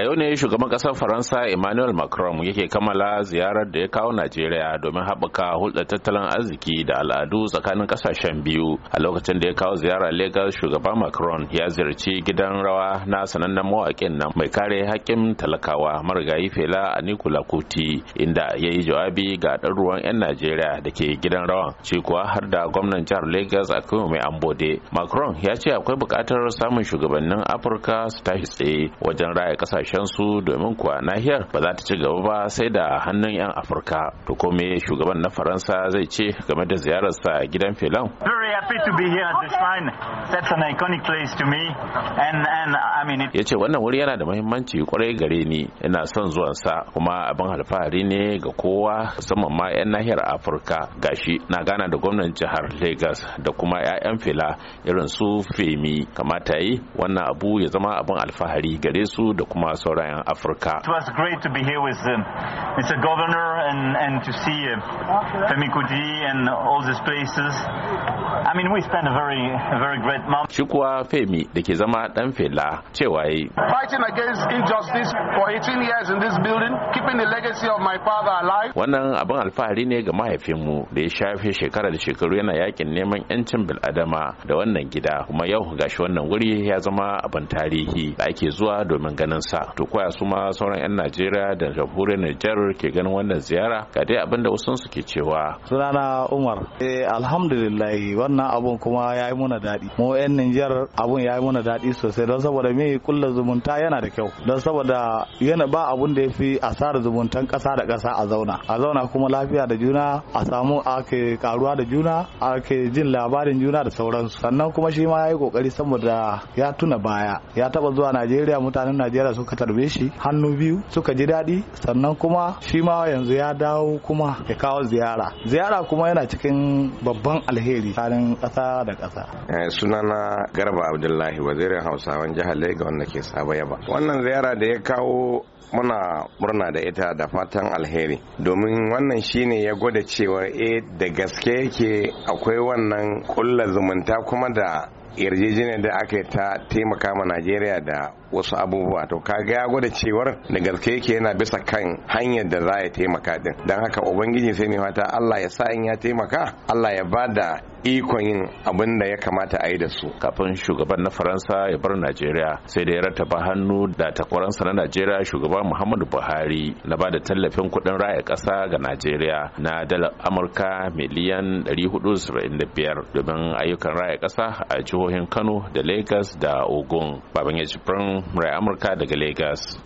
a yau ne shugaban kasar faransa emmanuel macron yake kammala ziyarar da ya kawo najeriya domin haɓaka hulɗar tattalin arziki da al'adu tsakanin ƙasashen biyu a lokacin da ya kawo ziyara lagos shugaban macron ya ziyarci gidan rawa na sanannen mawaƙin nan mai kare haƙƙin talakawa marigayi fela a nikula kuti inda ya yi jawabi ga ruwan 'yan najeriya da ke gidan rawan shi kuwa har da gwamnan jihar lagos a mai ambode macron ya ce akwai buƙatar samun shugabannin afirka su tashi tsaye wajen raya ƙasashe kasashen su domin kuwa nahiyar ba za ta ci gaba ba sai da hannun 'yan afirka to kome shugaban na faransa zai ce game da ziyararsa gidan filan very happy to be here at to me and, ya ce wannan wuri yana da muhimmanci kwarai gare ni ina son zuwan sa kuma abin alfahari ne ga kowa musamman ma 'yan nahiyar afirka gashi na gana da gwamnan jihar lagos da kuma 'ya'yan fila irin su femi kamata yi wannan abu ya zama abin alfahari gare su da kuma sauran 'yan afirka Shi kuwa Femi da ke zama ɗan fela cewa yi fighting against injustice for 18 years in this building keeping the legacy of my father alive wannan abin alfahari ne ga mahaifinmu da ya shafe shekara da shekaru yana yakin neman yancin bil'adama da wannan gida kuma yau gashi wannan wuri ya zama abin tarihi da ake zuwa domin ganin sa to koya su ma sauran 'yan najeriya da jamhuriyar nijar ke ganin wannan ziyara ga dai abin da wasu ke cewa sunana umar eh alhamdulillah wannan abun kuma ya yi muna daɗi mu 'yan nijar abun ya yi muna daɗi sosai don saboda me kulla zumunta yana da kyau don saboda yana ba abun da ya fi asarar zumuntan kasa da kasa a zauna a zauna kuma lafiya da juna a samu ake karuwa da juna ake jin labarin juna da sauransu sannan kuma shi ma ya yi kokari saboda ya tuna baya ya taba zuwa najeriya mutanen najeriya suka tarbe shi hannu biyu suka ji daɗi sannan kuma shi ma yanzu ya dawo kuma ya kawo ziyara ziyara kuma yana cikin babban alheri tsarin kasa da kasa. Eh, sunana garba abdullahi wazirin hausawan jihar kai ga wanda ke saba yaba wannan ziyara da ya kawo muna murna da ita da fatan alheri domin wannan shine ya gwada cewa e eh, da gaske yake akwai wannan kulla zumunta kuma da yarjejeniyar da aka yi ta taimaka ma najeriya da wasu abubuwa to kaga ya gwada cewar da gaske yake yana bisa kan hanyar da za ya taimaka din don haka ubangiji sai mai fata allah ya sa in ya taimaka allah ya ba da ikon yin abin da ya kamata a yi da su kafin shugaban na faransa ya bar najeriya sai da ya rattaba hannu da takwaransa na najeriya shugaban muhammadu buhari na ba da tallafin kuɗin raya ƙasa ga najeriya na dala amurka miliyan 475 domin ayyukan raya ƙasa a jihohin kano da lagos da ogun baban ya jibrin raya amurka daga lagos